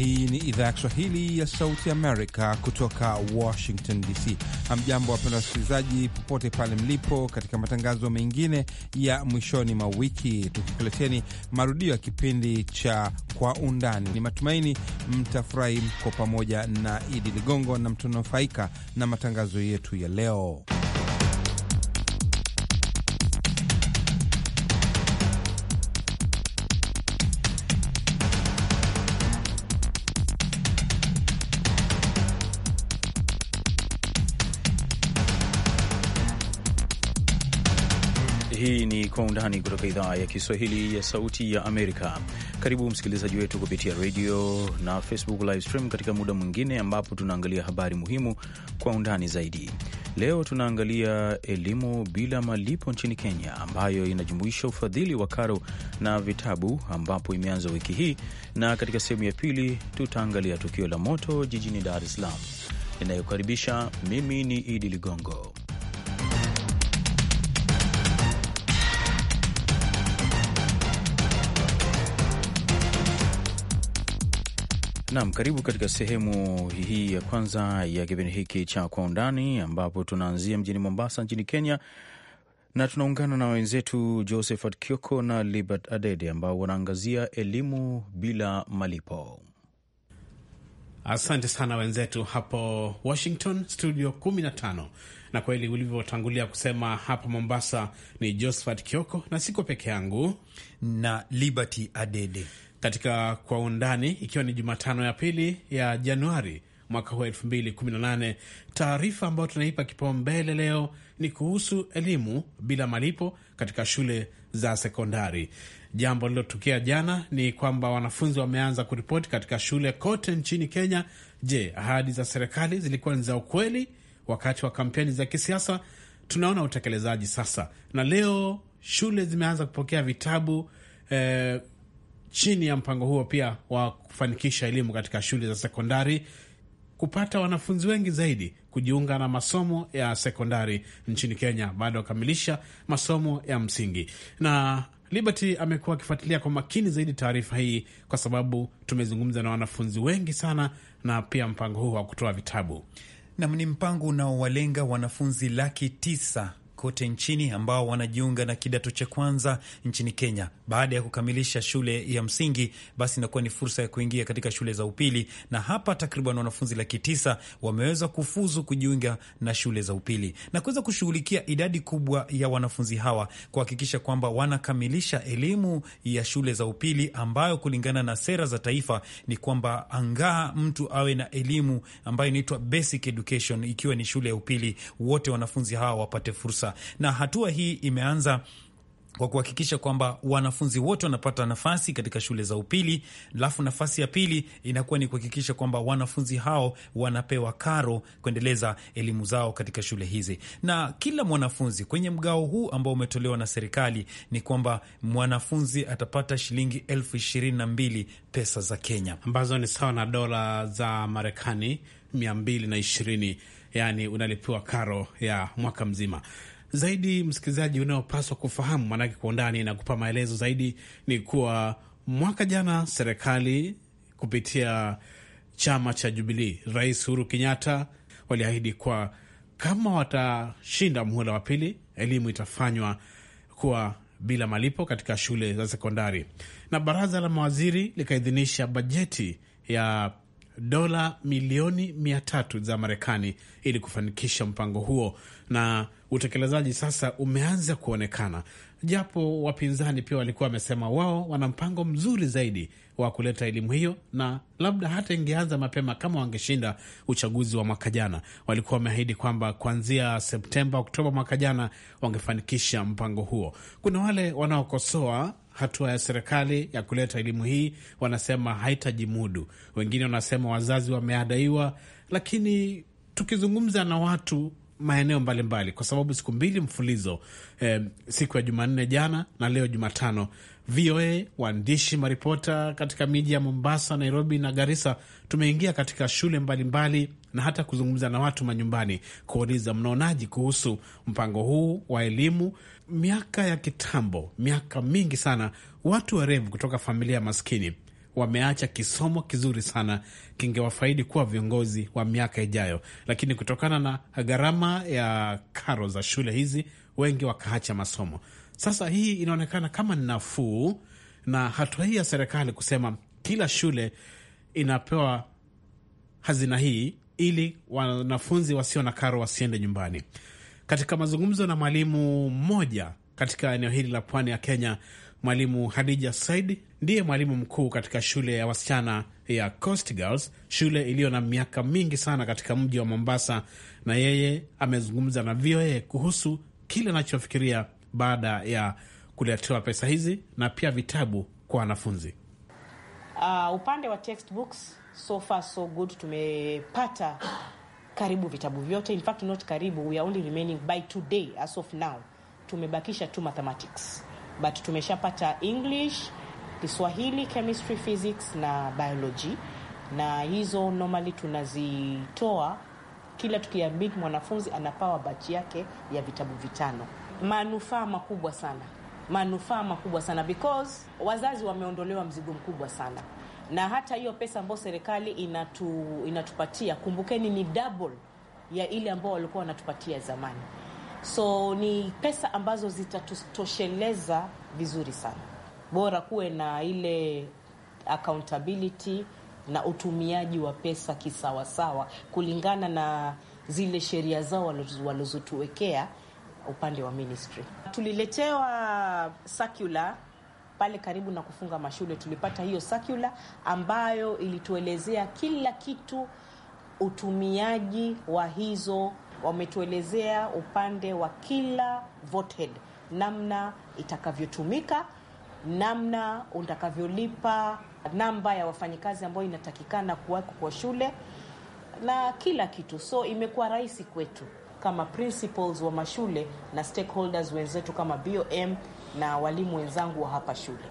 Hii ni idhaa ya Kiswahili ya Sauti Amerika kutoka Washington DC. Hamjambo wapenda wasikilizaji, popote pale mlipo, katika matangazo mengine ya mwishoni mwa wiki, tukikuleteni marudio ya kipindi cha Kwa Undani. Ni matumaini mtafurahi, mko pamoja na Idi Ligongo na mtanufaika na matangazo yetu ya leo. Kwa Undani kutoka idhaa ya Kiswahili ya Sauti ya Amerika. Karibu msikilizaji wetu kupitia redio na Facebook live stream katika muda mwingine ambapo tunaangalia habari muhimu kwa undani zaidi. Leo tunaangalia elimu bila malipo nchini Kenya, ambayo inajumuisha ufadhili wa karo na vitabu, ambapo imeanza wiki hii, na katika sehemu ya pili tutaangalia tukio la moto jijini Dar es Salaam. Inayokaribisha mimi ni Idi Ligongo. Naam, karibu katika sehemu hii ya kwanza ya kipindi hiki cha Kwa Undani, ambapo tunaanzia mjini Mombasa nchini Kenya na tunaungana na wenzetu Josephat Kioko na Libert Adede ambao wanaangazia elimu bila malipo. Asante sana wenzetu hapo Washington studio 15. Na kweli ulivyotangulia kusema hapa Mombasa ni Josephat Kioko na siko peke yangu na Liberty Adede katika Kwa Undani, ikiwa ni Jumatano ya pili ya Januari mwaka huu 218 Taarifa ambayo tunaipa kipaumbele leo ni kuhusu elimu bila malipo katika shule za sekondari. Jambo lililotokea jana ni kwamba wanafunzi wameanza kuripoti katika shule kote nchini Kenya. Je, ahadi za serikali zilikuwa ni za ukweli wakati wa kampeni za kisiasa? Tunaona utekelezaji sasa, na leo shule zimeanza kupokea vitabu eh, chini ya mpango huo pia wa kufanikisha elimu katika shule za sekondari kupata wanafunzi wengi zaidi kujiunga na masomo ya sekondari nchini Kenya baada ya kukamilisha masomo ya msingi. Na Liberty amekuwa akifuatilia kwa makini zaidi taarifa hii, kwa sababu tumezungumza na wanafunzi wengi sana, na pia mpango huu wa kutoa vitabu nam ni mpango unaowalenga wanafunzi laki tisa kote nchini ambao wanajiunga na kidato cha kwanza nchini Kenya baada ya kukamilisha shule ya msingi, basi inakuwa ni fursa ya kuingia katika shule za upili, na hapa takriban wanafunzi laki tisa wameweza kufuzu kujiunga na shule za upili na kuweza kushughulikia idadi kubwa ya wanafunzi hawa kuhakikisha kwamba wanakamilisha elimu ya shule za upili ambayo kulingana na sera za taifa ni kwamba angaa mtu awe na elimu ambayo inaitwa basic education, ikiwa ni shule ya upili, wote wanafunzi hawa wapate fursa na hatua hii imeanza kwa kuhakikisha kwamba wanafunzi wote wanapata nafasi katika shule za upili. Alafu nafasi ya pili inakuwa ni kuhakikisha kwamba wanafunzi hao wanapewa karo kuendeleza elimu zao katika shule hizi, na kila mwanafunzi kwenye mgao huu ambao umetolewa na serikali ni kwamba mwanafunzi atapata shilingi elfu ishirini na mbili pesa za Kenya, ambazo ni sawa na dola za Marekani mia mbili na ishirini. Yani unalipiwa karo ya mwaka mzima zaidi msikilizaji unaopaswa kufahamu, maanake kwa undani na kupa maelezo zaidi ni kuwa mwaka jana serikali kupitia chama cha Jubilii, Rais huru Kenyatta waliahidi kuwa kama watashinda muhula wa pili, elimu itafanywa kuwa bila malipo katika shule za sekondari, na baraza la mawaziri likaidhinisha bajeti ya dola milioni mia tatu za Marekani ili kufanikisha mpango huo, na utekelezaji sasa umeanza kuonekana japo wapinzani pia walikuwa wamesema wao wana mpango mzuri zaidi wa kuleta elimu hiyo, na labda hata ingeanza mapema kama wangeshinda uchaguzi wa mwaka jana. Walikuwa wameahidi kwamba kuanzia Septemba, Oktoba mwaka jana wangefanikisha mpango huo. Kuna wale wanaokosoa hatua ya serikali ya kuleta elimu hii, wanasema haitajimudu. Wengine wanasema wazazi wameadaiwa, lakini tukizungumza na watu maeneo mbalimbali mbali, kwa sababu siku mbili mfulizo eh, siku ya Jumanne jana na leo Jumatano, VOA waandishi maripota katika miji ya Mombasa, Nairobi na Garissa tumeingia katika shule mbalimbali mbali, na hata kuzungumza na watu manyumbani kuuliza mnaonaji kuhusu mpango huu wa elimu. Miaka ya kitambo, miaka mingi sana, watu warevu kutoka familia maskini wameacha kisomo kizuri sana kingewafaidi kuwa viongozi wa miaka ijayo, lakini kutokana na gharama ya karo za shule hizi wengi wakaacha masomo. Sasa hii inaonekana kama ni nafuu, na hatua hii ya serikali kusema kila shule inapewa hazina hii ili wanafunzi wasio na karo wasiende nyumbani. Katika mazungumzo na mwalimu mmoja katika eneo hili la pwani ya Kenya, Mwalimu Hadija Said ndiye mwalimu mkuu katika shule ya wasichana ya Coast Girls, shule iliyo na miaka mingi sana katika mji wa Mombasa, na yeye amezungumza na VOA kuhusu kile anachofikiria baada ya kuletewa pesa hizi na pia vitabu kwa wanafunzi. Uh, upande wa textbooks so far so good, tumepata karibu vitabu vyote, in fact not karibu, we are only remaining by today as of now, tumebakisha tu mathematics but tumeshapata English, Kiswahili, chemistry, physics na biology, na hizo normally tunazitoa kila tukiamini mwanafunzi anapawa bachi yake ya vitabu vitano. Manufaa makubwa sana, manufaa makubwa sana because wazazi wameondolewa mzigo mkubwa sana, na hata hiyo pesa ambayo serikali inatu, inatupatia kumbukeni, ni double ya ile ambao walikuwa wanatupatia zamani. So ni pesa ambazo zitatosheleza vizuri sana. Bora kuwe na ile accountability na utumiaji wa pesa kisawasawa, kulingana na zile sheria zao walizotuwekea upande wa ministry. Tuliletewa circular pale karibu na kufunga mashule, tulipata hiyo circular ambayo ilituelezea kila kitu, utumiaji wa hizo wametuelezea upande wa kila voted, namna itakavyotumika, namna utakavyolipa, namba ya wafanyikazi ambayo inatakikana kuwako kwa shule na kila kitu. So imekuwa rahisi kwetu kama principals wa mashule na stakeholders wenzetu kama BOM na walimu wenzangu wa hapa shule.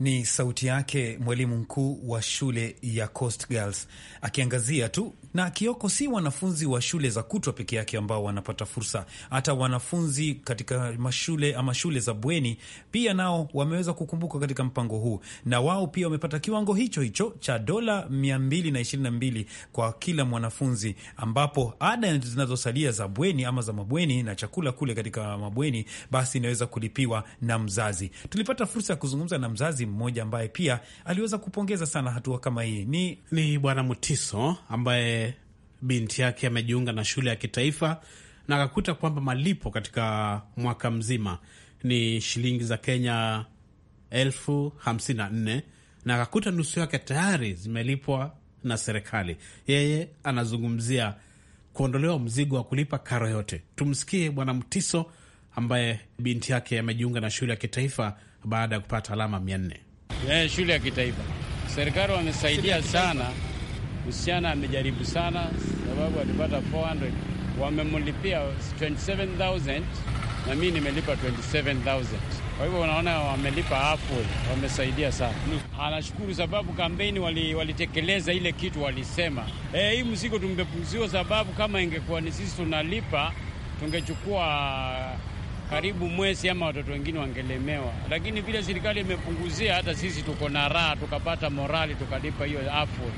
Ni sauti yake mwalimu mkuu wa shule ya Coast Girls akiangazia tu na Kioko, si wanafunzi wa shule za kutwa peke yake ambao wanapata fursa, hata wanafunzi katika mashule ama shule za bweni pia nao wameweza kukumbuka katika mpango huu, na wao pia wamepata kiwango hicho hicho cha dola 222 kwa kila mwanafunzi, ambapo ada zinazosalia za bweni ama za mabweni na chakula kule katika mabweni basi inaweza kulipiwa na mzazi. Tulipata fursa ya kuzungumza na mzazi mmoja ambaye pia aliweza kupongeza sana hatua kama hii. Ni, ni Bwana Mutiso ambaye binti yake amejiunga na shule ya kitaifa na akakuta kwamba malipo katika mwaka mzima ni shilingi za Kenya elfu hamsini na nne na akakuta nusu yake tayari zimelipwa na serikali. Yeye anazungumzia kuondolewa mzigo wa kulipa karo yote. Tumsikie Bwana Mtiso ambaye binti yake amejiunga na shule ya kitaifa baada ya kupata alama mia nne. Yeah, shule ya kitaifa serikali wamesaidia sana Msichana amejaribu sana, sababu alipata 400 wamemlipia 27000 na mi nimelipa 27000 kwa hivyo unaona, wamelipa hapo, wamesaidia sana. Anashukuru sababu kampeni walitekeleza wali ile kitu walisema, e, hii mzigo tumepunguzwa, sababu kama ingekuwa ni sisi tunalipa tungechukua karibu mwezi ama watoto wengine wangelemewa, lakini vile serikali imepunguzia, hata sisi tuko na raha, tukapata morali, tukalipa hiyo afu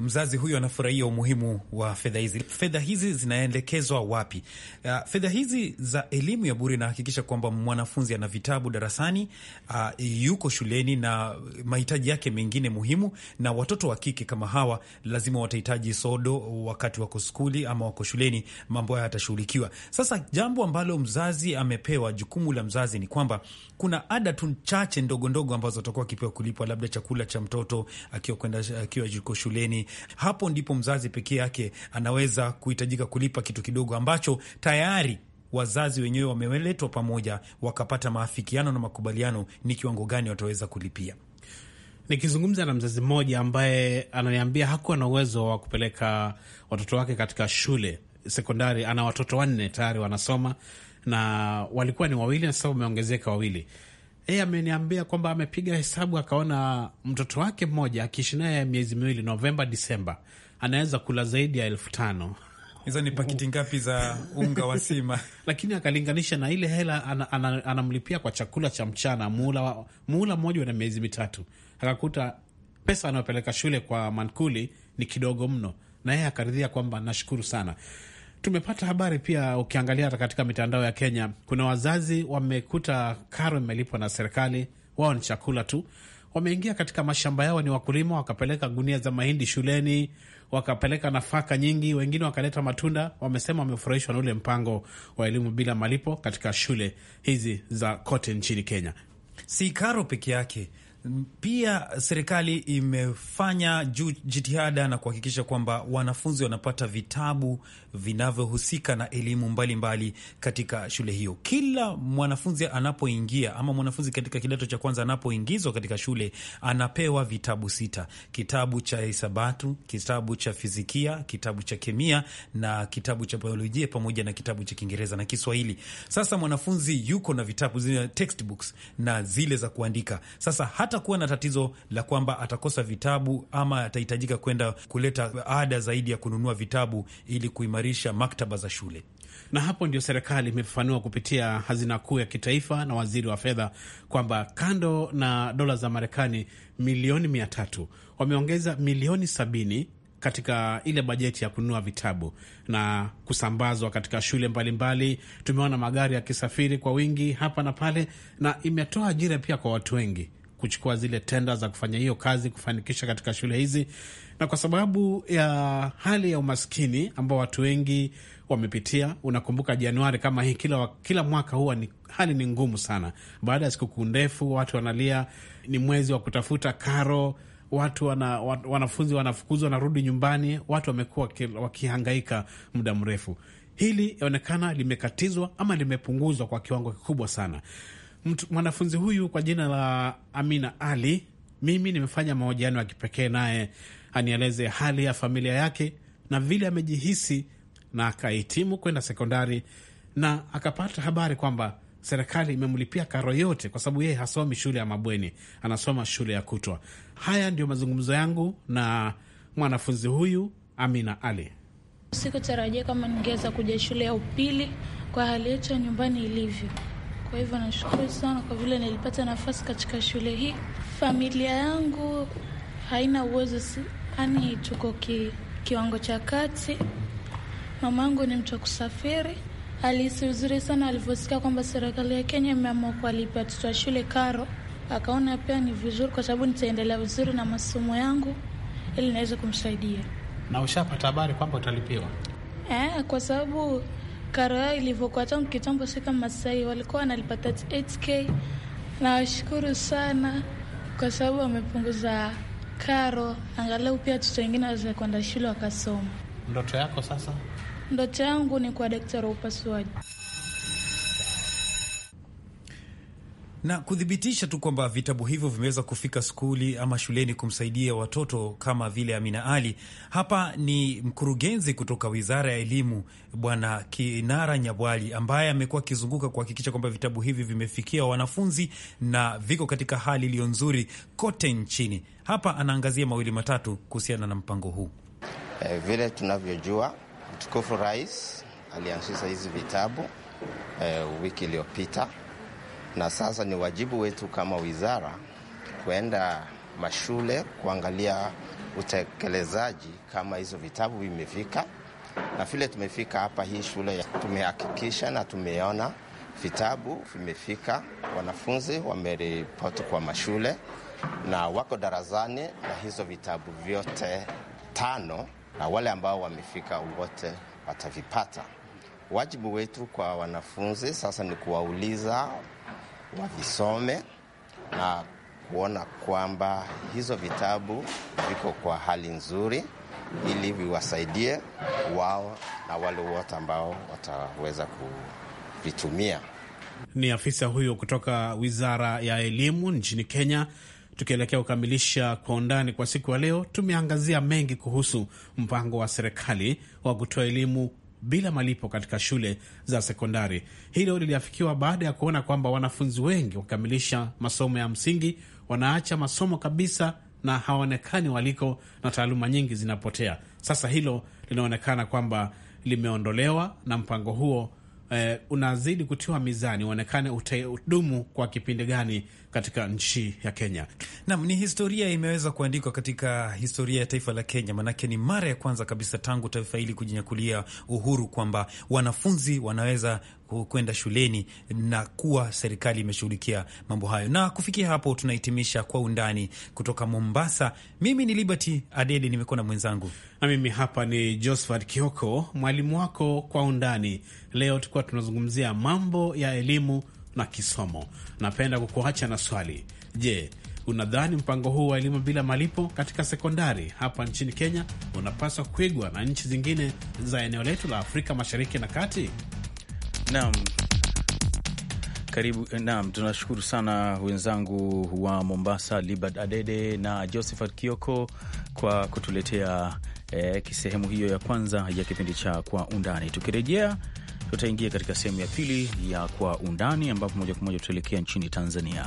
mzazi huyu anafurahia umuhimu wa fedha hizi. Fedha hizi zinaelekezwa wapi? Uh, fedha hizi za elimu ya bure inahakikisha kwamba mwanafunzi ana vitabu darasani, uh, yuko shuleni na mahitaji yake mengine muhimu. Na watoto wa kike kama hawa lazima watahitaji sodo wakati wako skuli ama wako shuleni, mambo haya yatashughulikiwa. Sasa jambo ambalo mzazi amepewa, jukumu la mzazi ni kwamba kuna ada tu chache ndogondogo ambazo watakuwa wakipewa kulipwa, labda chakula cha mtoto akiwa kwenda akiwa yuko shuleni hapo ndipo mzazi pekee yake anaweza kuhitajika kulipa kitu kidogo ambacho tayari wazazi wenyewe wameletwa pamoja wakapata maafikiano na makubaliano ni kiwango gani wataweza kulipia. Nikizungumza na mzazi mmoja ambaye ananiambia hakuwa na uwezo wa kupeleka watoto wake katika shule sekondari, ana watoto wanne tayari wanasoma, na walikuwa ni wawili na sasa umeongezeka wawili yeye ameniambia kwamba amepiga hesabu akaona mtoto wake mmoja akiishi naye miezi miwili, Novemba Disemba, anaweza kula zaidi ya elfu tano. Hizo ni pakiti ngapi za unga wa sima? Lakini akalinganisha na ile hela anamlipia ana, ana kwa chakula cha mchana muula, muula mmoja na miezi mitatu, akakuta pesa anayopeleka shule kwa mankuli ni kidogo mno, na yeye akaridhia kwamba nashukuru sana. Tumepata habari pia, ukiangalia hata katika mitandao ya Kenya, kuna wazazi wamekuta karo imelipwa na serikali, wao ni chakula tu. Wameingia katika mashamba yao, ni wakulima, wakapeleka gunia za mahindi shuleni, wakapeleka nafaka nyingi, wengine wakaleta matunda. Wamesema wamefurahishwa na ule mpango wa elimu bila malipo katika shule hizi za kote nchini Kenya. Si karo peke yake pia serikali imefanya juu jitihada na kuhakikisha kwamba wanafunzi wanapata vitabu vinavyohusika na elimu mbalimbali mbali katika shule hiyo. Kila mwanafunzi anapoingia ama mwanafunzi katika kidato cha kwanza anapoingizwa katika shule anapewa vitabu sita: kitabu cha hisabatu, kitabu cha fizikia, kitabu cha kemia na kitabu cha biolojia pamoja na kitabu cha Kiingereza na Kiswahili. Sasa mwanafunzi yuko na vitabu zile textbooks na zile za kuandika. Sasa hata hatakuwa na tatizo la kwamba atakosa vitabu ama atahitajika kwenda kuleta ada zaidi ya kununua vitabu ili kuimarisha maktaba za shule. Na hapo ndio serikali imefafanua kupitia hazina kuu ya kitaifa na waziri wa fedha kwamba kando na dola za Marekani milioni mia tatu wameongeza milioni sabini katika ile bajeti ya kununua vitabu na kusambazwa katika shule mbalimbali. Tumeona magari yakisafiri kwa wingi hapa na pale, na imetoa ajira pia kwa watu wengi kuchukua zile tenda za kufanya hiyo kazi kufanikisha katika shule hizi, na kwa sababu ya hali ya umaskini ambao watu wengi wamepitia. Unakumbuka Januari kama hii kila, kila mwaka huwa ni, hali ni ngumu sana. Baada ya sikukuu ndefu watu wanalia, ni mwezi wa kutafuta karo watu wana, wanafunzi wanafukuzwa, wanarudi nyumbani, watu wamekuwa wakihangaika muda mrefu. Hili yaonekana limekatizwa ama limepunguzwa kwa kiwango kikubwa sana mwanafunzi huyu kwa jina la Amina Ali, mimi nimefanya mahojiano ya kipekee naye anieleze hali ya familia yake na vile amejihisi na akahitimu kwenda sekondari na akapata habari kwamba serikali imemlipia karo yote, kwa sababu yeye hasomi shule ya mabweni, anasoma shule ya kutwa. Haya ndiyo mazungumzo yangu na mwanafunzi huyu Amina Ali. Sikutarajia kama ningeweza kuja shule ya upili kwa hali yetu ya nyumbani ilivyo kwa hivyo nashukuru sana kwa vile nilipata nafasi katika shule hii. Familia yangu haina uwezo, yaani tuko ki, kiwango cha kati. Mama yangu ni mtu wa kusafiri, alihisi uzuri sana alivyosikia kwamba serikali ya Kenya imeamua kuwalipa watoto wa shule karo, akaona pia ni vizuri, kwa sababu nitaendelea vizuri na masomo yangu ili naweze kumsaidia. Na ushapata habari kwamba utalipiwa? Eh, kwa sababu karo yao ilivyokuwa tangu kitambo, si kama sasa Walikuwa wanalipata 8k na washukuru sana kwa sababu wamepunguza karo, angalau pia watoto wengine waweze kwenda shule wakasoma. Ndoto yako sasa? Ndoto yangu ni kuwa daktari wa upasuaji. na kuthibitisha tu kwamba vitabu hivyo vimeweza kufika skuli ama shuleni kumsaidia watoto kama vile Amina Ali. Hapa ni mkurugenzi kutoka Wizara ya Elimu Bwana Kinara Nyabwali ambaye amekuwa akizunguka kuhakikisha kwamba vitabu hivi vimefikia wanafunzi na viko katika hali iliyo nzuri kote nchini. Hapa anaangazia mawili matatu kuhusiana na mpango huu. Eh, vile tunavyojua mtukufu rais alianzisha hizi vitabu eh, wiki iliyopita na sasa ni wajibu wetu kama wizara kwenda mashule kuangalia utekelezaji kama hizo vitabu vimefika, na vile tumefika hapa hii shule tumehakikisha na tumeona vitabu vimefika, wanafunzi wameripoti kwa mashule na wako darasani na hizo vitabu vyote tano, na wale ambao wamefika wote watavipata. Wajibu wetu kwa wanafunzi sasa ni kuwauliza wavisome na kuona kwamba hizo vitabu viko kwa hali nzuri, ili viwasaidie wao na wale wote ambao wataweza kuvitumia. Ni afisa huyo kutoka Wizara ya Elimu nchini Kenya. Tukielekea kukamilisha kwa undani kwa siku ya leo, tumeangazia mengi kuhusu mpango wa serikali wa kutoa elimu bila malipo katika shule za sekondari. Hilo liliafikiwa baada ya kuona kwamba wanafunzi wengi wakamilisha masomo ya msingi wanaacha masomo kabisa na hawaonekani waliko na taaluma nyingi zinapotea. Sasa hilo linaonekana kwamba limeondolewa na mpango huo eh, unazidi kutiwa mizani uonekane utadumu kwa kipindi gani katika nchi ya Kenya. Naam, ni historia imeweza kuandikwa katika historia ya taifa la Kenya, maanake ni mara ya kwanza kabisa tangu taifa hili kujinyakulia uhuru kwamba wanafunzi wanaweza kwenda shuleni na kuwa serikali imeshughulikia mambo hayo. Na kufikia hapo tunahitimisha kwa undani kutoka Mombasa. Mimi ni Liberty Adede, nimekuwa na mwenzangu na mimi hapa ni Josephat Kioko, mwalimu wako kwa undani. Leo tukuwa tunazungumzia mambo ya elimu na kisomo. Napenda kukuacha na swali. Je, unadhani mpango huu wa elimu bila malipo katika sekondari hapa nchini Kenya unapaswa kuigwa na nchi zingine za eneo letu la Afrika Mashariki na Kati? Naam. Karibu. Eh, naam, tunashukuru sana wenzangu wa Mombasa, Libert Adede na Josephat Kioko kwa kutuletea eh, sehemu hiyo ya kwanza ya kipindi cha Kwa Undani. Tukirejea tutaingia katika sehemu ya pili ya Kwa Undani, ambapo moja kwa moja tutaelekea nchini Tanzania.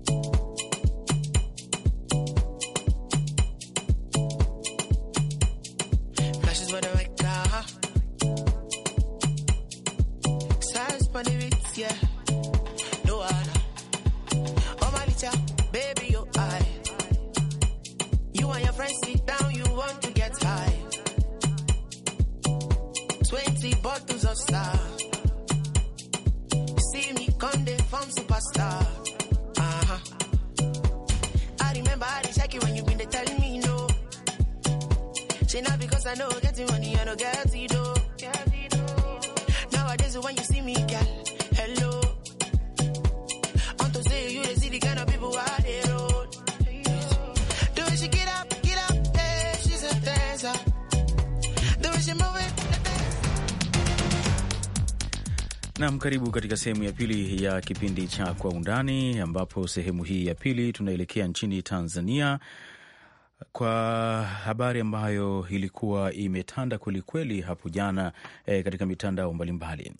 one day from superstar. Uh huh. I remember I did check when you been telling me no. Say not because I know getting money, I don't get you. Nam, karibu katika sehemu ya pili ya kipindi cha Kwa Undani, ambapo sehemu hii ya pili tunaelekea nchini Tanzania kwa habari ambayo ilikuwa imetanda kwelikweli hapo jana e, katika mitandao mbalimbali.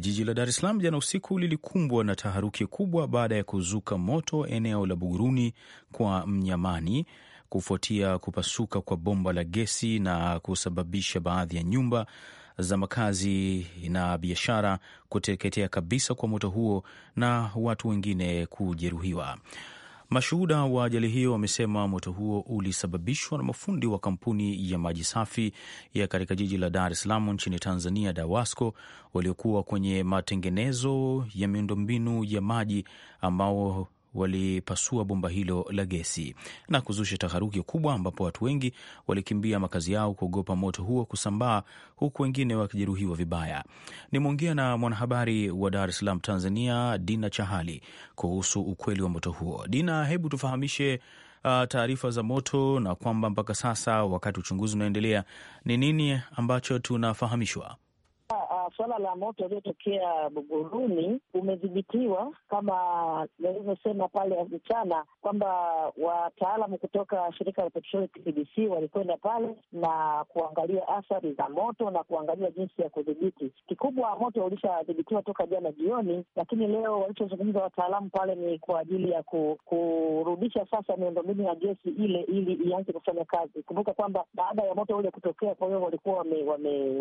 Jiji la Dar es Salaam jana usiku lilikumbwa na taharuki kubwa baada ya kuzuka moto eneo la Buguruni kwa Mnyamani kufuatia kupasuka kwa bomba la gesi na kusababisha baadhi ya nyumba za makazi na biashara kuteketea kabisa kwa moto huo na watu wengine kujeruhiwa. Mashuhuda wa ajali hiyo wamesema moto huo ulisababishwa na mafundi wa kampuni ya maji safi ya katika jiji la Dar es Salaam nchini Tanzania, DAWASCO, waliokuwa kwenye matengenezo ya miundombinu ya maji ambao walipasua bomba hilo la gesi na kuzusha taharuki kubwa, ambapo watu wengi walikimbia makazi yao kuogopa moto huo kusambaa, huku wengine wakijeruhiwa vibaya. Nimeongea na mwanahabari wa Dar es Salaam, Tanzania, Dina Chahali kuhusu ukweli wa moto huo. Dina, hebu tufahamishe uh, taarifa za moto na kwamba mpaka sasa wakati uchunguzi unaendelea, ni nini ambacho tunafahamishwa? suala la moto uliotokea Buguruni umedhibitiwa kama nilivyosema pale mchana kwamba wataalamu kutoka shirika la petroli TPDC walikwenda pale na kuangalia athari za moto na kuangalia jinsi ya kudhibiti. Kikubwa moto ulishadhibitiwa toka jana jioni, lakini leo walichozungumza wataalamu pale ni kwa ajili ya ku, kurudisha sasa miundombinu ya gesi ile ili ianze kufanya kazi. Kumbuka kwamba baada ya moto ule kutokea, kwa hiyo walikuwa wame, wame,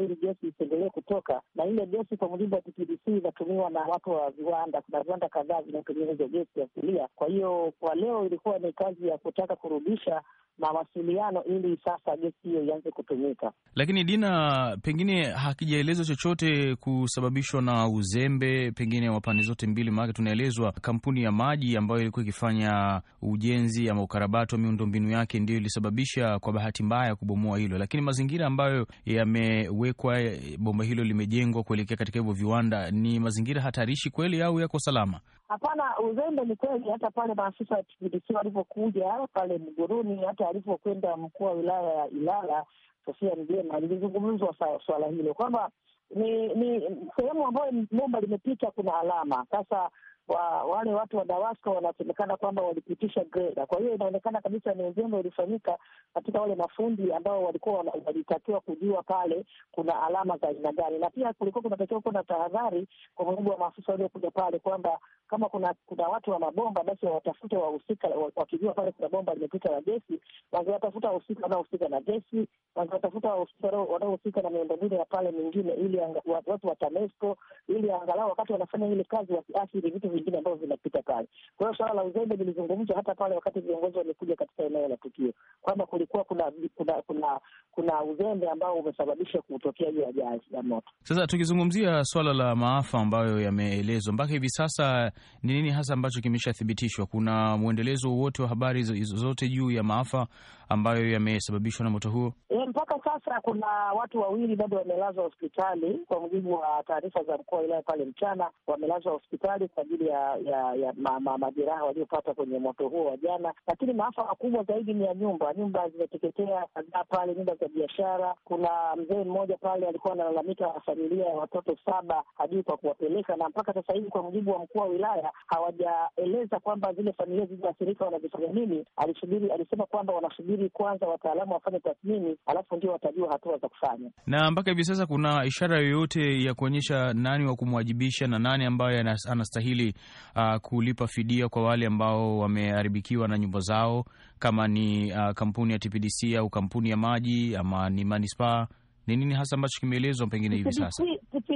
ili gesi isiendelee yenyewe kutoka, na ile gesi kwa mujibu wa TPDC inatumiwa na watu wa viwanda. Kuna viwanda kadhaa vinatumia hizo gesi asilia. Kwa hiyo kwa leo ilikuwa ni kazi ya kutaka kurudisha mawasiliano ili sasa gesi hiyo ianze kutumika. Lakini Dina, pengine hakijaelezwa chochote kusababishwa na uzembe pengine wa pande zote mbili, maanake tunaelezwa kampuni ya maji ambayo ilikuwa ikifanya ujenzi ama ukarabati wa miundombinu yake ndiyo ilisababisha kwa bahati mbaya kubomoa hilo, lakini mazingira ambayo yamewekwa eh, bomba hilo limejengwa kuelekea katika hivyo viwanda, ni mazingira hatarishi kweli au yako salama? Hapana, uzembe ni kweli. Hata pale maafisa wa TPDC walivyokuja pale Mguruni, hata alivyokwenda mkuu wa wilaya ya Ilala Sofia Mjema, lilizungumzwa swala hilo kwamba ni ni sehemu ambayo bomba limepita, kuna alama sasa wa, wale watu wa DAWASCO wanasemekana kwamba walipitisha greda. Kwa hiyo inaonekana kabisa ni uzembe ulifanyika katika wale mafundi ambao walikuwa walitakiwa kujua pale kuna alama za aina gani, na pia kulikuwa kunatakiwa kuwa na tahadhari kwa mujibu wa maafisa waliokuja pale kwamba kama kuna kuna watu wa mabomba basi wawatafute wahusika, wakijua pale kuna bomba limepita la gesi, wangewatafuta wahusika wanaohusika na gesi, wangewatafuta wahusika wanaohusika na miundombinu ya pale mingine, ili watu wa TANESCO, ili angalau wakati wanafanya ile kazi wasiathiri vitu vingine ambavyo vinapita pale. Kwa hiyo suala la uzembe lilizungumzwa hata pale wakati viongozi wamekuja katika eneo la tukio kwamba kulikuwa kuna kuna kuna kuna uzembe ambao umesababisha kutokea hiyo ajali ya moto. Sasa tukizungumzia swala la maafa ambayo yameelezwa mpaka hivi sasa, ni nini hasa ambacho kimeshathibitishwa? Kuna mwendelezo wowote wa habari zote juu ya maafa ambayo yamesababishwa na moto huo? E, mpaka sasa kuna watu wawili bado wamelazwa hospitali kwa mujibu wa taarifa za mkuu wa wilaya pale mchana, wamelazwa hospitali kwa ajili ya ya, ya ma, ma, majeraha waliopata kwenye moto huo wa jana, lakini maafa makubwa zaidi ni ya nyumba. Nyumba zimeteketea kadhaa pale, nyumba za biashara. Kuna mzee mmoja pale alikuwa analalamika na familia ya watoto saba, hajui kwa kuwapeleka, na mpaka sasa hivi kwa mujibu wa mkuu wa wilaya hawajaeleza kwamba zile familia zilizoathirika wanazifanya nini. Alisubiri, alisema kwamba wanasubiri inabidi kwanza wataalamu wafanye tathmini, alafu ndio watajua hatua za kufanya. Na mpaka hivi sasa kuna ishara yoyote ya kuonyesha nani wa kumwajibisha na nani ambaye anastahili uh, kulipa fidia kwa wale ambao wameharibikiwa na nyumba zao, kama ni uh, kampuni ya TPDC au kampuni ya maji ama ni manispaa? Ni nini hasa ambacho kimeelezwa pengine hivi sasa?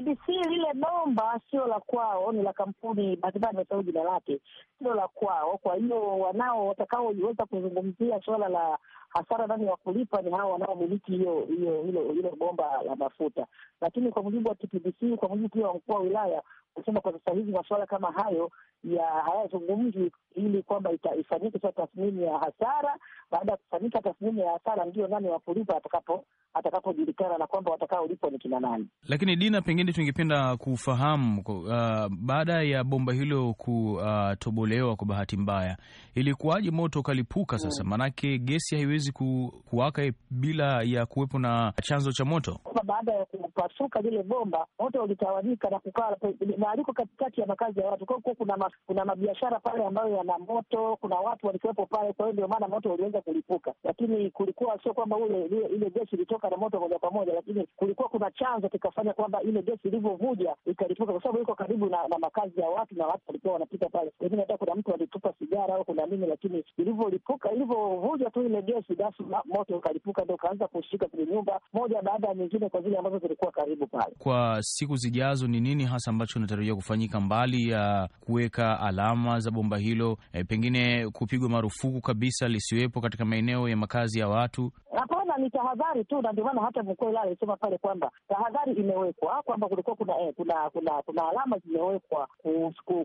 BBC lile bomba sio la kwao, ni la kampuni Zanzibar, nimesahau jina lake, sio la kwao. Kwa hiyo wanao watakaoweza kuzungumzia suala la hasara nani wa kulipa ni hao wanaomiliki hiyo hiyo hilo hilo bomba la mafuta, lakini kwa mujibu wa TPDC, kwa mujibu pia wa mkuu wa wilaya kusema kwa sasa hivi masuala kama hayo ya hayazungumzwi, ili kwamba ifanyike sasa tathmini ya hasara. Baada ya kufanyika tathmini ya hasara, ndio nani wa kulipa atakapo atakapojulikana na kwamba watakaolipwa ni kina nani. Lakini Dina, pengine tungependa kufahamu uh, baada ya bomba hilo kutobolewa kwa bahati mbaya, ilikuwaje moto ukalipuka? Sasa mm. maanake gesi haiwezi ku, kuwaka bila ya kuwepo na chanzo cha moto. Baada ya kupasuka lile bomba, moto ulitawanyika na kukaa na aliko katikati ya makazi ya watu. Kwa hiyo kuna ma, kuna mabiashara pale ambayo yana moto, kuna watu walikuwepo pale, kwa hiyo ndio maana moto uliweza kulipuka, lakini kulikuwa sio kwamba ule ile gesi ilitoka kutoka na moto moja kwa moja, lakini kulikuwa kuna chanzo kikafanya kwamba ile gesi ilivyovuja ikalipuka, kwa sababu iko karibu na, na makazi ya watu na watu walikuwa wanapita pale, pengine hata kuna mtu alitupa sigara au kuna nini, lakini ilivyolipuka, ilivyovuja tu ile gesi, basi moto ukalipuka, ndo ukaanza kushika kwenye nyumba moja baada ya nyingine, kwa zile ambazo zilikuwa karibu pale. Kwa siku zijazo, ni nini hasa ambacho unatarajia kufanyika mbali ya kuweka alama za bomba hilo, e, pengine kupigwa marufuku kabisa lisiwepo katika maeneo ya makazi ya watu Hapo ila ni tahadhari tu, na ndio maana hata Mkwaila alisema pale kwamba tahadhari imewekwa kwamba kulikuwa kuna, eh, kuna kuna kuna alama zimewekwa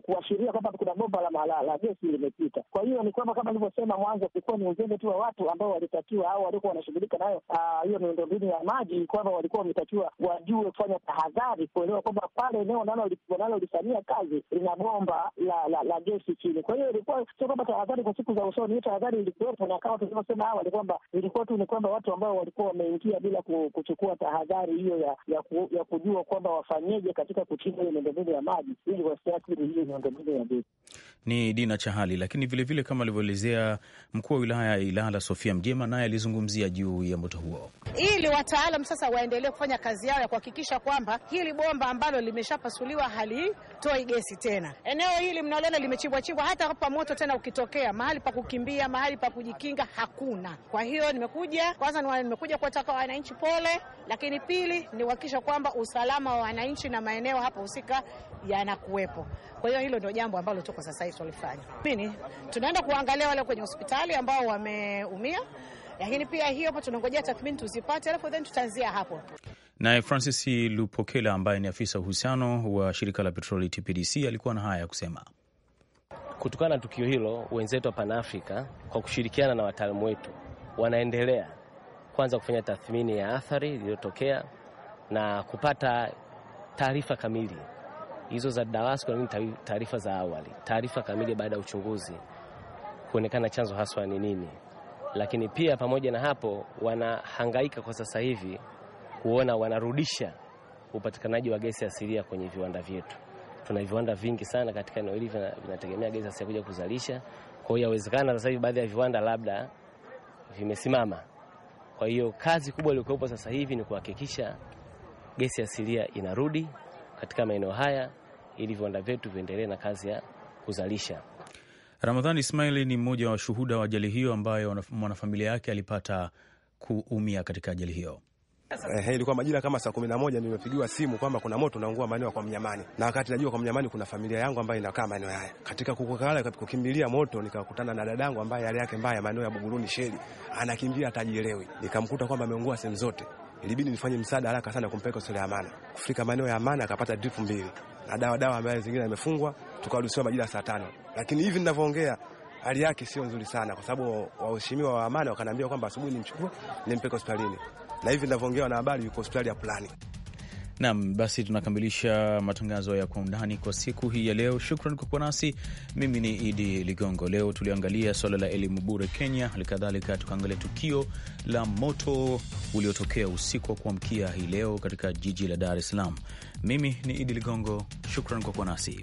kuashiria kwamba kuna bomba la gesi limepita. Kwa hiyo ni kwamba kama nilivyosema mwanzo, kulikuwa ni uzembe tu wa watu ambao walitakiwa au walikuwa wanashughulika nayo ah, hiyo miundombinu ya maji, kwamba walikuwa wametakiwa wajue kufanya tahadhari, kuelewa kwamba pale eneo wanalolifanyia kazi lina bomba la, la, la gesi chini. Kwa hiyo ilikuwa sio kwamba tahadhari kwa siku za usoni, hiyo tahadhari ilikuwepo, na kama tulivyosema awali kwamba ilikuwa tu ni kwamba watu ambao walikuwa wameingia bila kuchukua tahadhari hiyo ya ya, ku, ya kujua kwamba wafanyeje katika kuchimba hiyo miundombinu ya maji ili wasiathiri hiyo miundombinu ya gesi. Ni Dina Chahali. Lakini vilevile vile kama alivyoelezea mkuu wa wilaya ya Ilala Sofia Mjema, naye alizungumzia juu ya moto huo, ili wataalam sasa waendelee kufanya kazi yao ya kuhakikisha kwamba hili bomba ambalo limeshapasuliwa halitoi gesi tena. Eneo hili mnaliona limechimbwachimbwa, hata hapa moto tena ukitokea, mahali pa kukimbia, mahali pa kujikinga hakuna. Kwa hiyo nimekuja kwanza hayo nimekuja kuwataka wananchi pole, lakini pili ni kuhakikisha kwamba usalama wa wananchi na maeneo hapa husika yanakuwepo. Kwa hiyo hilo ndio jambo ambalo tuko sasa hivi tulifanya. Mimi tunaenda kuangalia wale kwenye hospitali ambao wameumia, lakini pia hiyo hapo tunangojea tathmini tuzipate, alafu then tutaanzia hapo. Naye Francis Lupokela ambaye ni afisa uhusiano wa shirika la petroli TPDC alikuwa na haya ya kusema. Kutokana na tukio hilo, wenzetu wa Pan Africa kwa kushirikiana na wataalamu wetu wanaendelea kwanza kufanya tathmini ya athari iliyotokea na kupata taarifa kamili hizo za DAWASCO, lakini taarifa za awali, taarifa kamili baada ya uchunguzi kuonekana chanzo haswa ni nini. Lakini pia pamoja na hapo, wanahangaika kwa sasa hivi kuona wanarudisha upatikanaji wa gesi asilia kwenye viwanda vyetu. Tuna viwanda vingi sana katika eneo hili vinategemea gesi asilia kuja kuzalisha. Kwa hiyo yawezekana sasa hivi baadhi ya viwanda labda vimesimama kwa hiyo kazi kubwa iliyokuwepo sasa hivi ni kuhakikisha gesi asilia inarudi katika maeneo haya ili viwanda vyetu viendelee na kazi ya kuzalisha. Ramadhani Ismaili ni mmoja wa shuhuda wa ajali hiyo ambayo mwanafamilia yake alipata kuumia katika ajali hiyo. Eh, ilikuwa majira kama saa kumi na moja nimepigiwa simu kwamba kuna moto unaungua maeneo kwa Mnyamani, na wakati najua kwa Mnyamani kuna familia yangu ambayo inakaa maeneo haya. Katika kukakala kukimbilia moto, nikakutana na dadangu ambaye hali yake mbaya, maeneo ya Buguruni Sheli, anakimbia atajielewi, nikamkuta kwamba ameungua sehemu zote. Ilibidi nifanye msaada haraka sana kumpeleka hospitali ya Amana. Kufika maeneo ya Amana akapata drip mbili na dawa dawa ambayo zingine imefungwa, tukaruhusiwa majira saa tano, lakini hivi ninavyoongea hali yake sio nzuri sana, kwa sababu waheshimiwa wa Amana wakaniambia kwamba asubuhi nimchukue nimpeke hospitalini na hivi ninavyoongea wanahabari yuko hospitali ya Pulani. Nam, basi tunakamilisha matangazo ya Kwa Undani kwa siku hii ya leo. Shukran kwa kuwa nasi. Mimi ni Idi Ligongo. Leo tuliangalia suala la elimu bure Kenya, halikadhalika tukaangalia tukio la moto uliotokea usiku wa kuamkia hii leo katika jiji la Dar es Salaam. Mimi ni Idi Ligongo, shukran kwa kuwa nasi.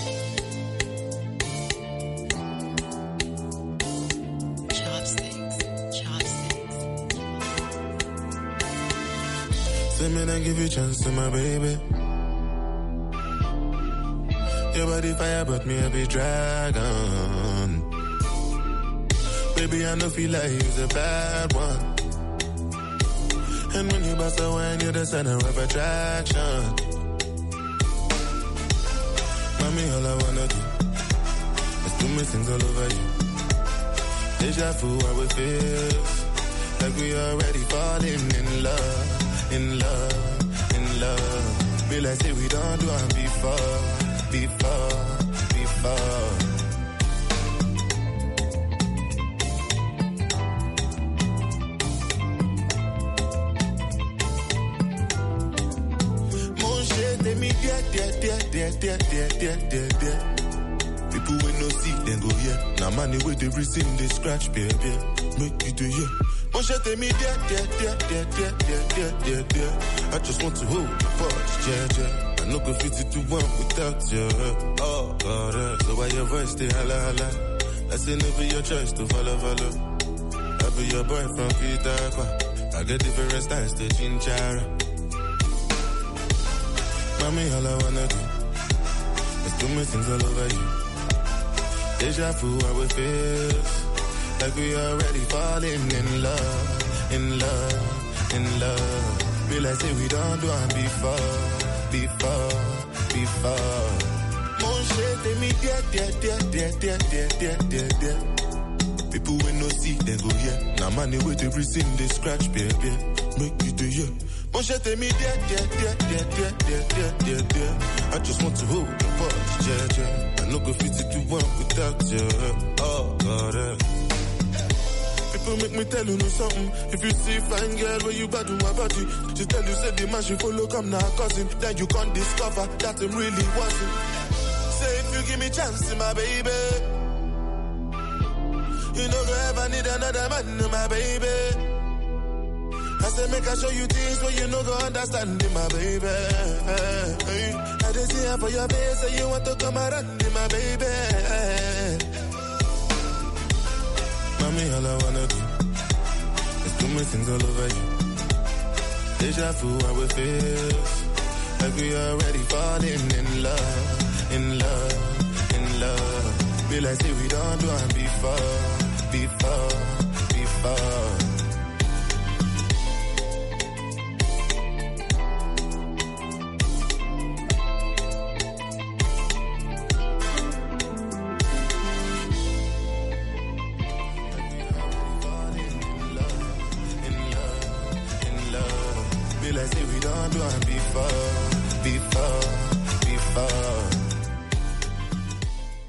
Say me not give you a chance to my baby. Your body fire, but me a be dragon. Baby, I know feel like you's a bad one. And when you bust a wine, you're the center of attraction. Mommy, all I wanna do is do me things all over you. Deja vu, how it feels. Like we already falling in love in love, in love. Be like say we don't do it before, before, before. Temi dia dia dia dia dia dia dia dia dia. People we no see, then go yeah. Now money with the reason they scratch, baby. Make you do yeah. When shit hit me, yeah, yeah, yeah, yeah, yeah, yeah, yeah, yeah, yeah. I just want to hold my fudge, yeah, yeah. I know go fit to one without you. Oh, God, uh, so why your voice stay holla, holla? That's it, never your choice to follow, follow. I be your boy from Kitapa. I get different styles to Chinchara. Mommy, all I wanna do is do me things all over you. Deja vu, I would feel like we already falling in love, in love, in love. Realize that we don't do it before, before, before. Mon shit, they me dead, dead, dead, dead, dead, dead, dead, dead, dead. People we no see, they go here. Yeah. Now money with the reason they scratch, baby. Make you do yeah. Mon shit, they me dead, dead, dead, dead, dead, dead, dead, dead, dead. I just want to hold the fort, yeah, yeah. I know go fit it to one without you. Oh, God, yeah. People make me tell you no something. If you see fine girl where you bad my body, she tell you say the man she follow come now cousin. Then you can't discover that him really wasn't. Say if you give me chance, my baby, you know go ever need another man, my baby. I say make I show you things where you know go understand, my baby. I just see her for your face, say you want to come around, my baby tell me all I wanna do. There's do many things all over you. Deja vu, I would feel like we already falling in love, in love, in love. Realize that we don't do it before, before, before.